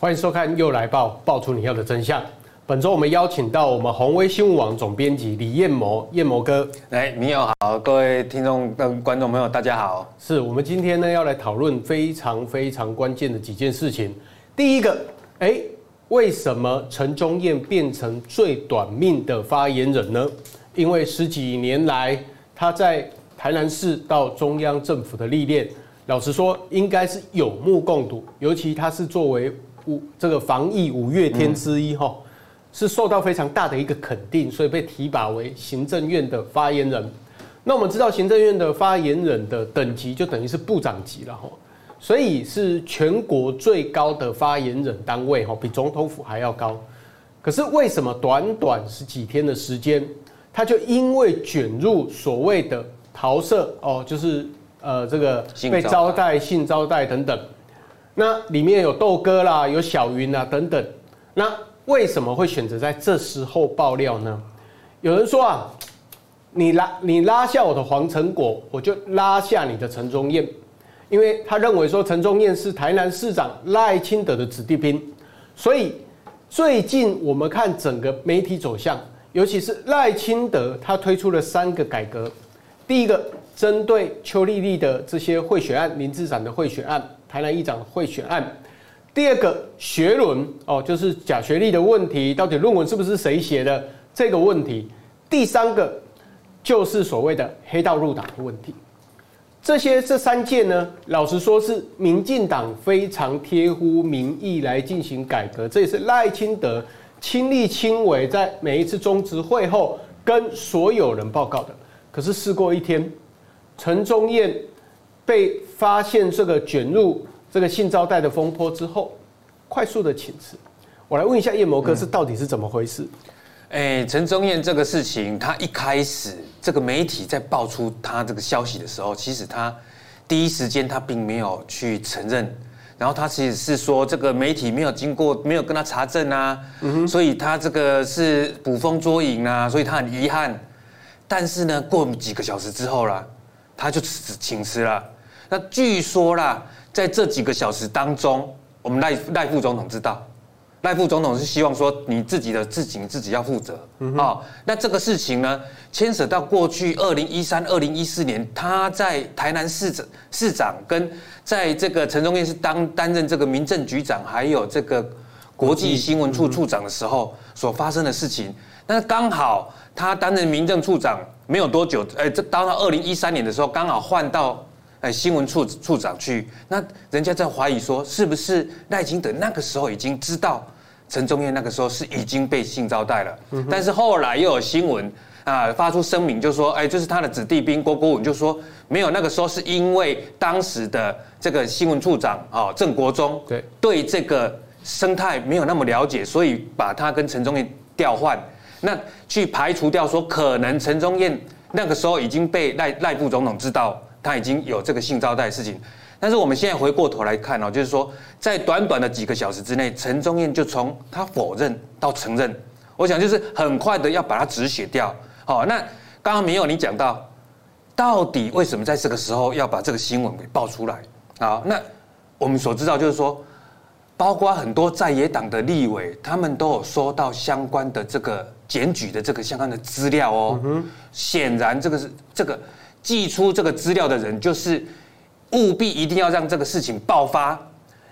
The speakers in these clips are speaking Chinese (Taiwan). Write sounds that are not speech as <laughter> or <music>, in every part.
歡迎收看《祐來爆》，爆出你要的真相。本周我們邀請到我們紘威新聞網總編輯李彥謀，彥謀哥，來、哎，你好，各位聽眾跟觀眾朋友，大家好。是我們今天呢要來討論非常非常關鍵的幾件事情。第一個，哎，為什麼陳宗彥變成最短命的發言人呢？因為十幾年來他在台南市到中央政府的歷練，老實說，應該是有目共睹。尤其他是作為五這個防疫五月天之一吼，是受到非常大的一個肯定，所以被提拔為行政院的發言人。那我們知道，行政院的發言人的等級就等於是部長級了吼，所以是全國最高的發言人單位吼，比總統府還要高。可是為什麼短短十幾天的時間，他就因為捲入所謂的桃色哦，就是呃這個被招待、性招待等等？那裡面有豆哥啦，有小雲啊等等。那為什麼會選擇在這時候爆料呢？有人說啊，你拉你拉下我的黃成果，我就拉下你的陳宗彥，因為他認為說陳宗彥是台南市長賴清德的子弟兵。所以最近我們看整個媒體走向，尤其是賴清德他推出了三個改革，第一個針對邱莉莉的這些賄選案，林志展的賄選案。台南議長賄選案，第二個學論哦，就是假學歷的問題，到底論文是不是誰寫的這個問題？第三個就是所謂的黑道入黨的問題。這些這三件呢，老實說是民進黨非常貼乎民意來進行改革，這也是賴清德親力親為在每一次中執會後跟所有人報告的。可是事過一天，陳宗彥被，發現這個捲入這個性招待的風波之後，快速的請辭。我來問一下彥謀哥，是到底是怎麼回事？哎、嗯，陳宗彥這個事情，他一開始這個媒體在爆出他這個消息的時候，其實他第一時間他並沒有去承認，然後他其實是說這個媒體沒有經過沒有跟他查證啊，嗯哼，所以他這個是捕風捉影啊，所以他很遺憾。但是呢，過幾個小時之後了，他就請辭了。那據說啦，在這幾個小時當中，我們賴賴副總統知道，賴副總統是希望說，你自己的事情自己要負責哦，嗯、哼 那這個事情呢，牽涉到過去二零一三、二零一四年他在台南市市長，跟在這個陳宗彥是當擔任這個民政局長，還有這個國際新聞處處長的時候所發生的事情。那剛好他擔任民政處長沒有多久，哎，這到二零一三年的時候，剛好換到。哎，新聞處處長去，那人家在懷疑說，是不是賴清德那個時候已經知道陳宗彥那個時候是已經被性招待了？嗯、哼但是後來又有新聞啊，發出聲明就是說，哎、欸，就是他的子弟兵郭國文就說，沒有，那個時候是因為當時的這個新聞處長哦，鄭、喔、國忠對，對這個生態沒有那麼了解，所以把他跟陳宗彥調換，那去排除掉說，可能陳宗彥那個時候已經被賴賴副總統知道。他已經有這個性招待的事情，但是我們現在回過頭來看哦，就是說，在短短的幾個小時之內，陳宗彥就從他否認到承認，我想就是很快的要把它止血掉。好，那剛剛銘祐你講到，到底為什麼在這個時候要把這個新聞給爆出來？好，那我們所知道就是說，包括很多在野黨的立委，他們都有收到相關的這個檢舉的這個相關的資料哦。顯然這個是這個。寄出這個資料的人，就是務必一定要讓這個事情爆發。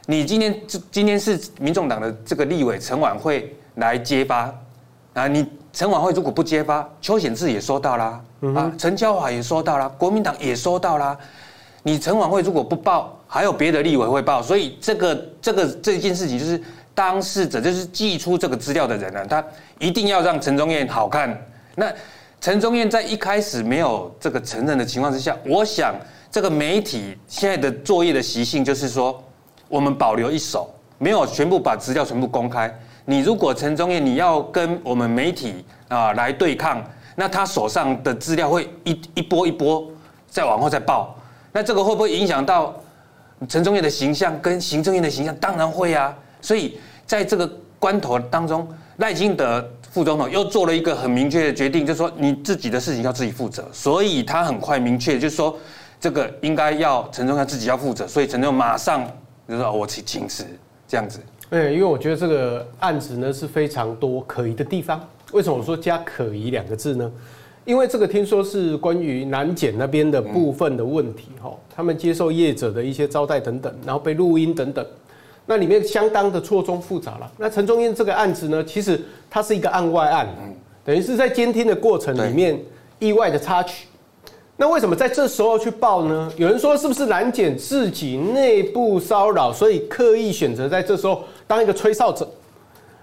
你今天，今天是民眾黨的這個立委陳琬惠來揭發，啊，你陳琬惠如果不揭發，邱顯智也收到啦，嗯、哼啊，陳椒華也收到啦，國民黨也收到啦，你陳琬惠如果不報，還有別的立委會報。所以這個這個這件事情，就是當事者，就是寄出這個資料的人呢、啊，他一定要讓陳宗彥好看。那。陳宗彥在一開始沒有這個承認的情況之下，我想這個媒體現在的作業的習性就是說，我們保留一手，沒有全部把資料全部公開。你如果陳宗彥你要跟我們媒體啊來對抗，那他手上的資料會一一波一波再往後再爆。那這個會不會影響到陳宗彥的形象跟行政院的形象？當然會啊。所以在這個關頭當中，賴清德副總統又做了一個很明確的決定，就是說你自己的事情要自己負責，所以他很快明確，就是說這個應該要陳總他自己要負責，所以陳總馬上就說：“我請請辭。”這樣子。對，因為我覺得這個案子呢是非常多可疑的地方。為什麼我說加“可疑”兩個字呢？因為這個聽說是關於南檢那邊的部分的問題，哈，他們接受業者的一些招待等等，然後被錄音等等。那裡面相當的錯綜複雜了。那陳宗彥這個案子呢，其實它是一個案外案，等於是在監聽的過程裡面意外的插曲。那為什麼在這時候去報呢？有人說是不是南檢自己內部騷擾，所以刻意選擇在這時候當一個吹哨者？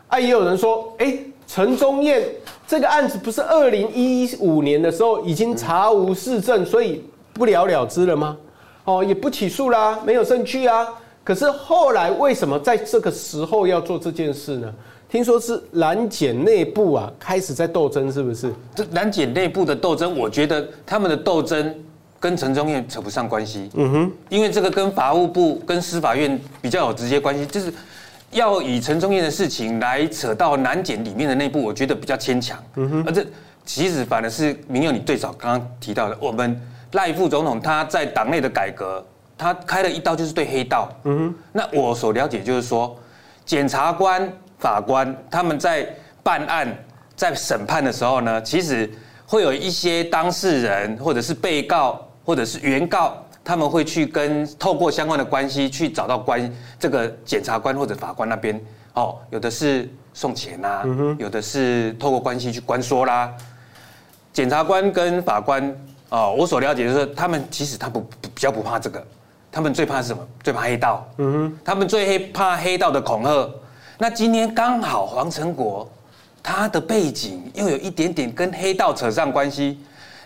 啊，也有人說，哎，陳宗彥這個案子不是二零一五年的時候已經查無實證，所以不了了之了嗎？哦，也不起訴啦，沒有證據啊。可是後來為什麼在這個時候要做這件事呢？聽說是南檢內部啊開始在鬥爭，是不是？這南檢內部的鬥爭，我覺得他們的鬥爭跟陳宗彥扯不上關係。嗯哼，因為這個跟法務部、跟司法院比較有直接關係，就是要以陳宗彥的事情來扯到南檢裡面的內部，我覺得比較牽強。嗯哼，而這其實反而是銘祐你最早剛剛提到的，我們賴副總統他在黨內的改革。他開了一刀，就是對黑道。嗯哼。那我所了解就是說，檢察官、法官他們在辦案、在審判的時候呢，其實會有一些當事人或者是被告或者是原告，他們會去跟透過相關的關係去找到關這個檢察官或者法官那邊。哦，有的是送錢啊、嗯哼。有的是透過關係去關說啦。檢察官跟法官哦，我所了解就是說他們其實他不，不比較不怕這個。他們最怕什麼？最怕黑道。嗯哼，他們最黑怕黑道的恐嚇。那今天剛好黃承國，他的背景又有一點點跟黑道扯上關係。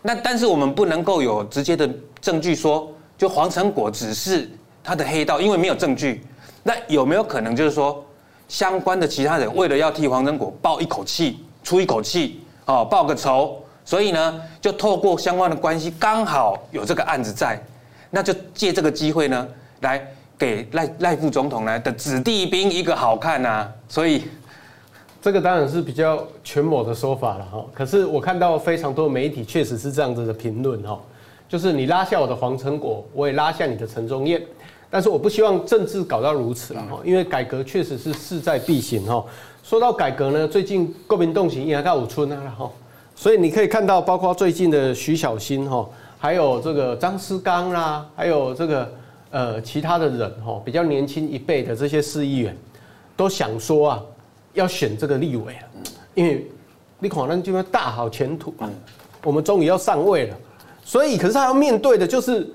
那但是我們不能夠有直接的證據說，就黃承國只是他的黑道，因為沒有證據。那有沒有可能就是說，相關的其他人為了要替黃承國報一口氣、出一口氣，哦報個仇，所以呢就透過相關的關係，剛好有這個案子在。那就借這個機會呢，來給賴賴副總統呢的子弟兵一個好看吶、啊。所以，這個當然是比較全某的說法了哈。可是我看到非常多媒體確實是這樣子的評論哈，就是你拉下我的黃承國，我也拉下你的陳宗彥。但是我不希望政治搞到如此了哈，因為改革確實是勢在必行哈。說到改革呢，最近國民動情也到五村啊哈，所以你可以看到，包括最近的徐巧芯哈。還有這個張斯綱啦、啊，還有這個呃其他的人吼、喔，比較年輕一輩的這些市議員，都想說啊，要選這個立委了，因為你可能就有大好前途，嗯、我們終於要上位了。所以，可是他要面對的就是，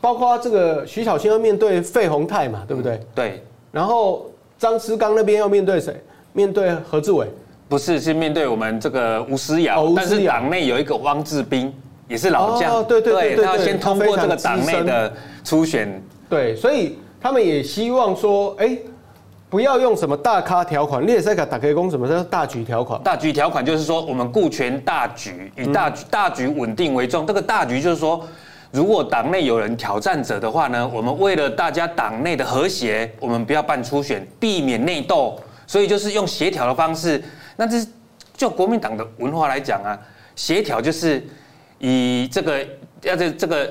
包括這個徐巧芯要面對費鴻泰嘛，對不對？嗯、對。然後張斯綱那邊要面對誰？面對何志偉？不是，是面對我們這個吳思瑤。吳思瑤，但是黨內有一個汪志冰。也是老將，哦、對，對對對，他要先通過這個黨內的初選，對，所以他們也希望說，哎，不要用什麼大咖條款，列斯卡打開工什麼，叫大局條款。大局條款就是說，我們顧全大局，以大局、嗯、大局穩定為重。這個大局就是說，如果黨內有人挑戰者的話呢，我們為了大家黨內的和諧，我們不要辦初選，避免內鬥。所以就是用協調的方式。那這是就國民黨的文化來講啊，協調就是。以這個，要在這個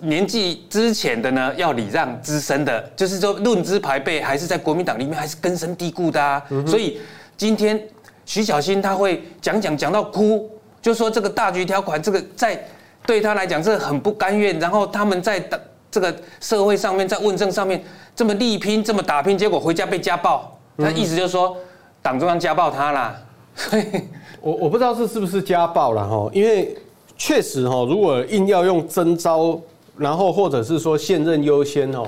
年紀之前的呢，要禮讓資深的，就是說論資排輩，還是在國民黨裡面還是根深蒂固的、啊。嗯、哼 所以今天徐巧芯他會講講講到哭，就說這個大局條款，這個在對他來講，是很不甘願。然後他們在黨這個社會上面，在問政上面這麼力拼，這麼打拼，結果回家被家暴。那、嗯、哼 意思就是說黨中央家暴他啦。所以我我不知道這是不是家暴了哈，因為。確實哈，如果硬要用徵召，然後或者是說現任優先哦，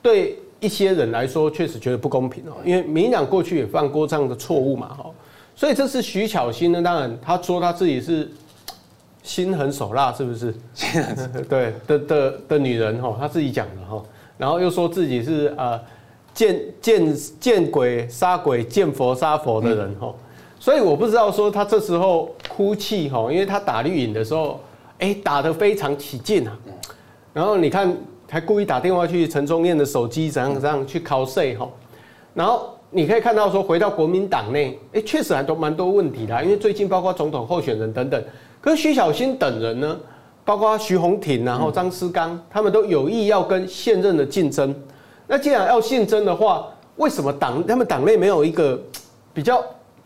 對一些人來說確實覺得不公平哦，因為民進黨過去也犯過這樣的錯誤嘛哈，所以這次徐巧芯呢，當然她說她自己是心狠手辣，是不是？對的的的女人哈，她自己講的哈，然後又說自己是啊，見見見鬼殺鬼、見佛殺佛的人哈。嗯所以我不知道說他這時候哭泣、喔、因為他打綠營的時候、欸，打得非常起勁、啊、然後你看，還故意打電話去陳宗彥的手機怎樣怎樣去 call 誰哈。然後你可以看到說，回到國民黨內，哎、欸，確實還都蠻多問題的，因為最近包括總統候選人等等，可徐巧芯等人呢，包括徐弘庭、啊，然後張斯綱，他們都有意要跟現任的競爭。那既然要競爭的話，為什麼黨他們黨內沒有一個比較？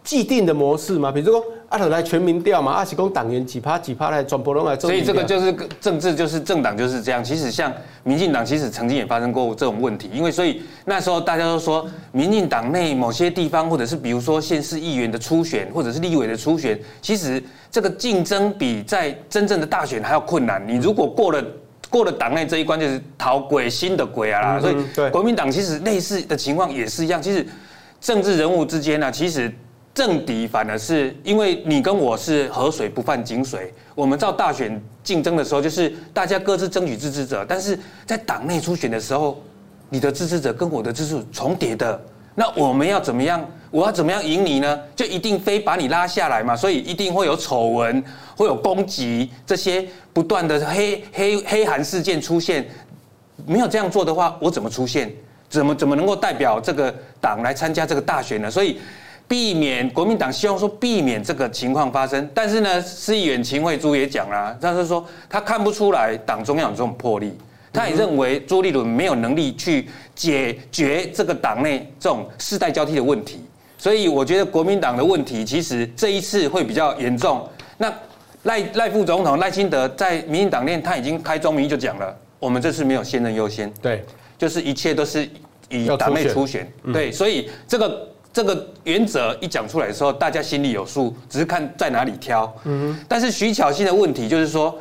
既定的模式嘛，比如說阿德、啊、來全民調嘛，阿幾公黨員幾趴幾趴來轉播，弄來。所以這個就是政治，就是政黨就是這樣。其實像民進黨，其實曾經也發生過這種問題，因為所以那時候大家都說，民進黨內某些地方，或者是比如說縣市議員的初選，或者是立委的初選，其實這個競爭比在真正的大選還要困難。你如果過了過了黨內這一關，就是頭過身就過啦！所以對國民黨其實類似的情況也是一樣。其實政治人物之間呢、啊，其實，政敵反而是因為你跟我是河水不犯井水。我們照大選競爭的時候，就是大家各自爭取支持者。但是在黨內初選的時候，你的支持者跟我的支持重疊的。那我們要怎麼樣？我要怎麼樣贏你呢？就一定非把你拉下來嘛。所以一定會有醜聞，會有攻擊，這些不斷的黑黑黑函事件出現。沒有這樣做的話，我怎麼出現？怎麼怎麼能夠代表這個黨來參加這個大選呢？所以。避免國民黨希望說避免這個情況發生，但是呢，市議員秦慧珠也講了、啊，他是說他看不出來黨中央有這種魄力，他也認為朱立倫沒有能力去解決這個黨內這種世代交替的問題，所以我覺得國民黨的問題其實這一次會比較嚴重。那賴賴副總統賴清德在民進黨內他已經開宗明義就講了，我們這次沒有現任優先，對，就是一切都是以黨內初選，出選。對，所以這個。這個原則一講出來的時候，大家心裡有數，只是看在哪裡挑。嗯、哼 但是徐巧芯的問題就是說，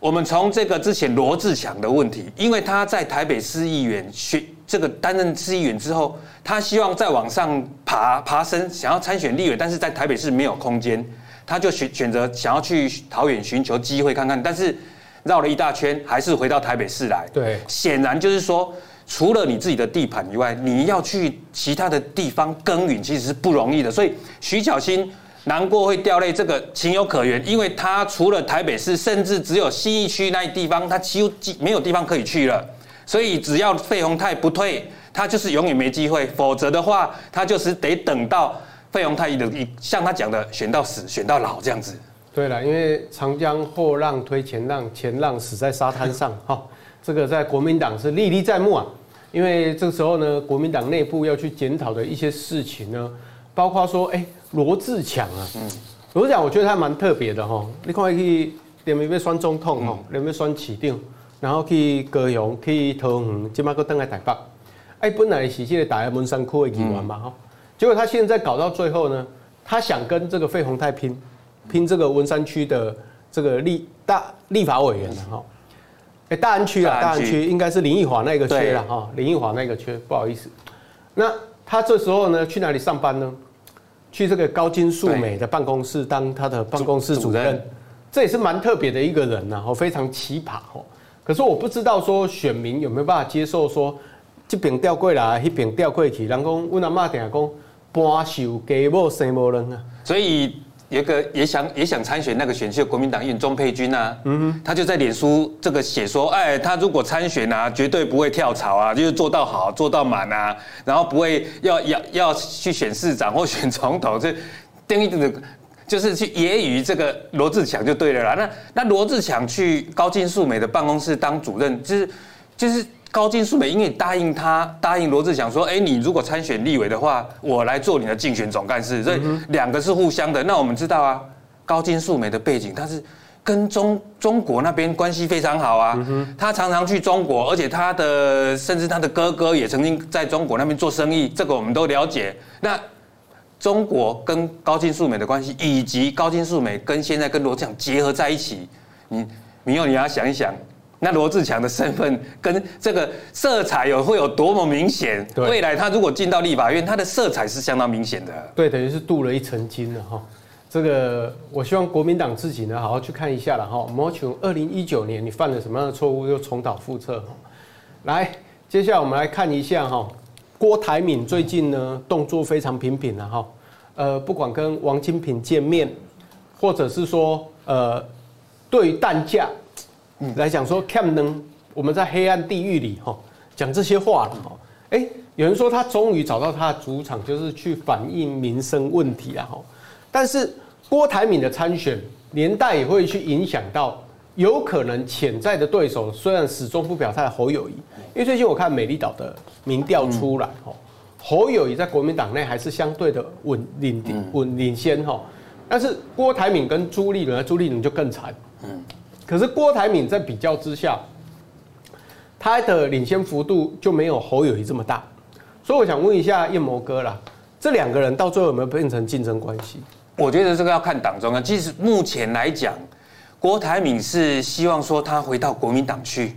我們從這個之前羅智強的問題，因為他在台北市議員選這個擔任市議員之後，他希望再往上爬爬升，想要參選立委，但是在台北市沒有空間，他就選選擇想要去桃園尋求機會看看，但是繞了一大圈，還是回到台北市來。對。顯然就是說。除了你自己的地盤以外，你要去其他的地方耕耘，其實是不容易的。所以徐巧芯難過會掉淚，這個情有可原，因為他除了台北市，甚至只有信義區那一地方，他幾乎沒有地方可以去了。所以只要費鴻泰不退，他就是永遠沒機會；否則的話，他就是得等到費鴻泰一像他講的，選到死，選到老這樣子。對了，因為長江後浪推前浪，前浪死在沙灘上，哈、 <laughs> 哦，這個在國民黨是歷歷在目啊。因為這個時候呢，國民黨內部要去檢討的一些事情呢，包括說，哎、欸，羅智強啊，羅智強，強我覺得他蠻特別的哈。你看他去，去連袂要選總統，哈、嗯，連袂選市長，然後去高雄，去桃園，今麥個登來台北，哎、欸，本來是進來打下文山區的議員嘛哈，嗯、結果他現在搞到最後呢，他想跟這個費鴻泰拼，拼這個文山區的這個立大立法委員的哈。嗯嗯哎、欸，大安區啊，大安區應該是林奕華那個區了哈，林奕華那個區。不好意思，那他這時候呢去哪裡上班呢？去這個高金素梅的辦公室對當他的辦公室主任，主主這也是蠻特別的一個人吶，哦、喔，非常奇葩哦、喔。可是我不知道說選民有沒有辦法接受說、嗯、這邊調過來，嗯、那邊調過去，人講我阿媽聽講半秀雞母生無卵啊，所以。有個也想也想參選那個選區國民黨議員鍾佩君吶、啊，他就在臉書這個寫說，哎，他如果參選啊，絕對不會跳槽啊，就是做到好做到滿啊，然後不會要要要去選市長或選總統，就等於就是去揶揄這個羅智強就對了啦。那那羅智強去高金素梅的辦公室當主任，就是就是。高金素梅因為答應他，答應羅志祥說：“哎，你如果參選立委的話，我來做你的競選總幹事。嗯哼”所以兩個是互相的。那我們知道啊，高金素梅的背景，她是跟中中國那邊關係非常好啊。嗯、哼他常常去中國，而且他的甚至他的哥哥也曾經在中國那邊做生意，這個我們都了解。那中國跟高金素梅的關係，以及高金素梅跟現在跟羅志祥結合在一起，你，銘祐，你要想一想。那羅志強的身份跟這個色彩有會有多麼明顯？未來他如果進到立法院，他的色彩是相當明顯的對。對，等於是鍍了一層金了哈。這個我希望國民黨自己呢，好好去看一下了哈。毛球，二零一九年你犯了什麼樣的錯誤，又重蹈覆轍？來，接下來我們來看一下哈。郭台銘最近呢動作非常頻頻了哈。呃，不管跟王金平見面，或者是說呃對蛋價，來講說，Cam 呢，我們在黑暗地獄裡哈，講這些話哈，哎，有人說他終於找到他的主場，就是去反映民生問題啊。但是郭台銘的參選，連帶也會去影響到，有可能潛在的對手，雖然始終不表態侯友宜，因為最近我看美麗島的民調出來，侯友宜在國民黨內還是相對的穩領，穩領先，但是郭台銘跟朱立倫，朱立倫就更慘，嗯。可是郭台銘在比較之下，他的領先幅度就沒有侯友宜這麼大，所以我想問一下彥謀哥啦，這兩個人到最後有沒有變成競爭關係？我覺得這個要看黨中央。其實目前來講，郭台銘是希望說他回到國民黨去，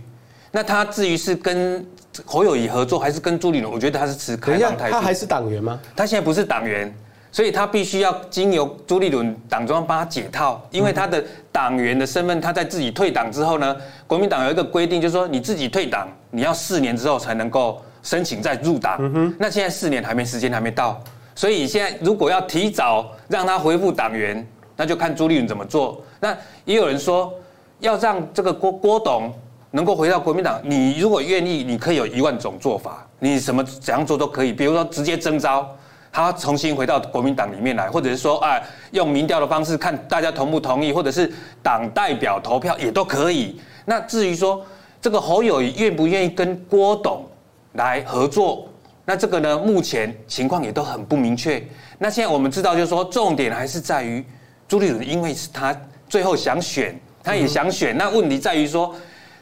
那他至於是跟侯友宜合作還是跟朱立倫，我覺得他是持開放態度。他還是黨員嗎？他現在不是黨員。所以他必須要經由朱立倫黨中央幫他解套，因為他的黨員的身份，他在自己退黨之後呢，國民黨有一個規定，就是說你自己退黨，你要四年之後才能夠申請再入黨。那現在四年還沒，時間還沒到，所以現在如果要提早讓他恢復黨員，那就看朱立倫怎麼做。那也有人說，要讓這個郭郭董，能夠回到國民黨，你如果願意，你可以有一萬種做法，你什麼怎樣做都可以，比如說直接徵召。他重新回到國民黨裡面來，或者是說，啊，用民調的方式看大家同不同意，或者是黨代表投票也都可以。那至於說這個侯友宜願不願意跟郭董來合作，那這個呢，目前情況也都很不明確。那現在我們知道，就是說重點還是在於朱立倫，因為是他最後想選，他也想選。那問題在於說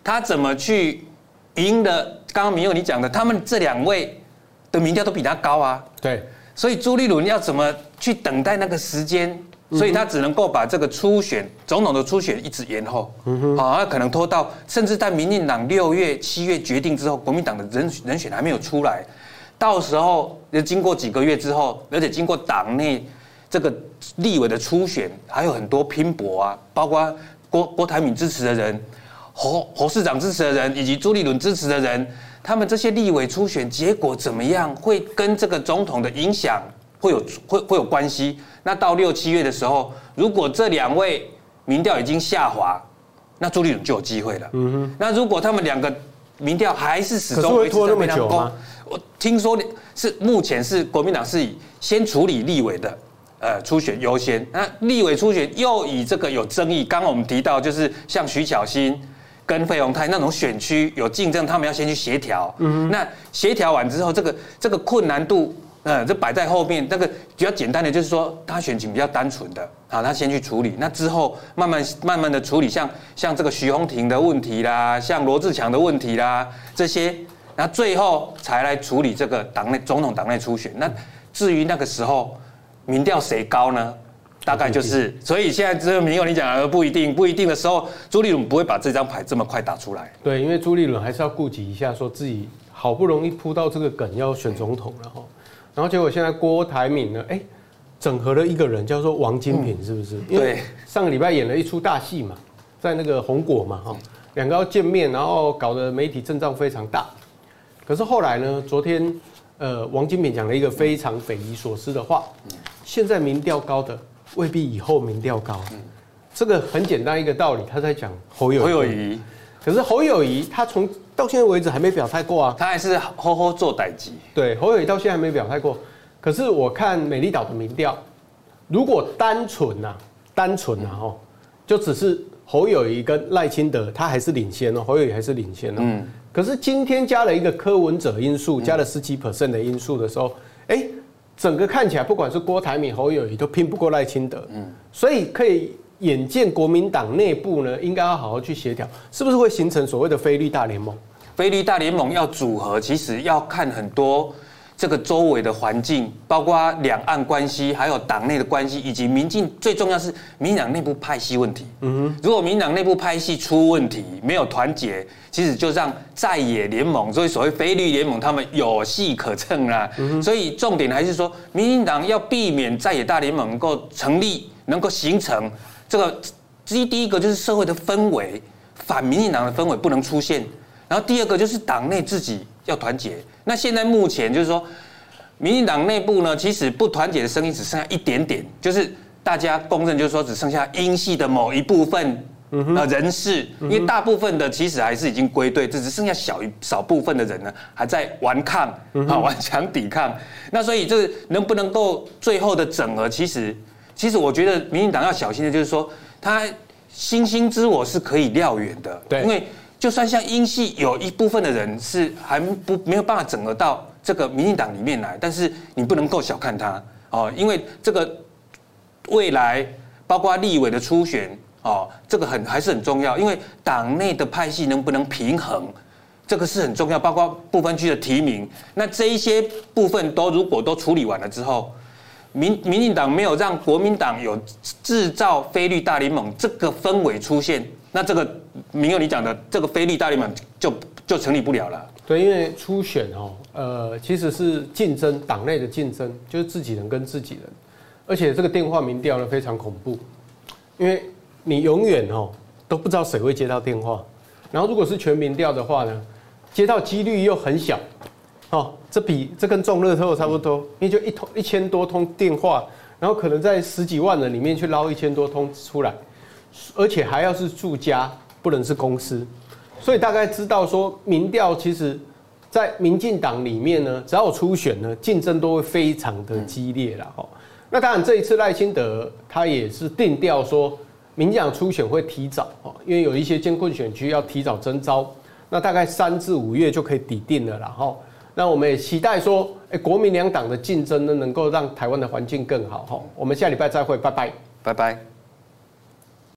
他怎麼去贏的？剛剛彥謀你講的，他們這兩位的民調都比他高啊。對。所以朱立倫要怎麼去等待那個時間？所以他只能夠把這個初選總統的初選一直延後，啊，可能拖到甚至在民進黨六月、七月決定之後，國民黨的人選人選還沒有出來，到時候要經過幾個月之後，而且經過黨內這個立委的初選，還有很多拼搏啊，包括郭郭台銘支持的人、侯侯市長支持的人以及朱立倫支持的人。他們這些立委初選結果怎麼樣？會跟這個總統的影響會有會會有關係？那到六七月的時候，如果這兩位民調已經下滑，那朱立倫就有機會了。嗯哼。那如果他們兩個民調還是始終維持在比較高，我聽說是目前是國民黨是以先處理立委的呃，初選優先。那立委初選又以這個有爭議，剛剛我們提到就是像徐巧芯。跟費鴻泰那種選區有競爭，他們要先去協調。嗯哼，那協調完之後，這個這個困難度，嗯，就擺在後面。那個比較簡單的，就是說他選情比較單純的，好，他先去處理。那之後慢慢慢慢的處理，像像這個徐弘庭的問題啦，像羅智強的問題啦這些，那最後才來處理這個黨內總統黨內初選。那至於那個時候民調誰高呢？大概就是，所以現在這個民調你講的不一定，不一定的時候，朱立倫不會把這張牌這麼快打出來。對，因為朱立倫還是要顧及一下，說自己好不容易鋪到這個梗要選總統了哈，然後結果現在郭台銘呢，哎、欸，整合了一個人叫做王金平是不是？嗯、對，因為上個禮拜演了一出大戲嘛，在那個紅果嘛哈，兩個要見面，然後搞得媒體陣仗非常大。可是後來呢，昨天呃，王金平講了一個非常匪夷所思的話，現在民調高的。未必以後民調高，啊，這個很簡單一個道理。他在講侯友宜，可是侯友宜他從到現在為止還沒表態過啊，他還是好好做代誌。對，侯友宜到現在還沒表態過。可是我看美麗島的民調，如果單純吶，單純吶哦，就只是侯友宜跟賴清德，他還是領先了，喔，侯友宜還是領先了。嗯。可是今天加了一個柯文哲因素，加了十七 percent 的因素的時候，哎。整個看起來，不管是郭台銘、侯友宜都拼不過賴清德，所以可以眼見國民黨內部呢，應該要好好去協調，是不是會形成所謂的“非綠大聯盟”？非綠大聯盟要組合，其實要看很多。這個周圍的環境，包括兩岸關係，還有黨內的關係，以及民進，最重要是民黨內部派系問題。嗯，如果民黨內部派系出問題，沒有團結，其實就讓在野聯盟，所以所謂非綠聯盟，他們有戲可乘了。所以重點還是說，民進黨要避免在野大聯盟能夠成立，能夠形成這個第第一個就是社會的氛圍，反民進黨的氛圍不能出現。然後第二個就是黨內自己要團結。那現在目前就是說，民進黨內部呢，其實不團結的聲音只剩下一點點，就是大家公認就是說，只剩下英系的某一部分啊、呃、人士，因為大部分的其實還是已經歸隊，這只剩下小一少部分的人呢還在頑抗啊頑強抵抗。那所以這個能不能夠最後的整合，其實其實我覺得民進黨要小心的就是說，他星星之火是可以燎原的，對，因為。就算像英系有一部分的人是還不沒有辦法整合到這個民進黨裡面來，但是你不能夠小看他哦，因為這個未來包括立委的初選哦，這個很還是很重要，因為黨內的派系能不能平衡，這個是很重要，包括不分區的提名，那這一些部分都如果都處理完了之後。民民進黨沒有讓國民黨有製造非綠大聯盟這個氛圍出現，那這個銘祐你講的這個非綠大聯盟就就成立不了了。對，因為初選哦，呃，其實是競爭，黨內的競爭，就是自己人跟自己人，而且這個電話民調呢非常恐怖，因為你永遠吼都不知道誰會接到電話，然後如果是全民調的話呢，接到幾率又很小。哦，這比這跟中樂透差不多，因為就一通一千多通電話，然後可能在十幾萬人裡面去撈一千多通出來，而且還要是住家，不能是公司，所以大概知道說民調其實在民進黨裡面呢，只要有初選呢，競爭都會非常的激烈了。哦、嗯，那當然這一次賴清德他也是定調說民進黨初選會提早哦，因為有一些監控選區要提早徵召，那大概三至五月就可以底定了啦。然後。那我們也期待說，哎、欸，國民兩黨的競爭呢，能夠讓台灣的環境更好。好，我們下禮拜再會，拜拜，拜拜。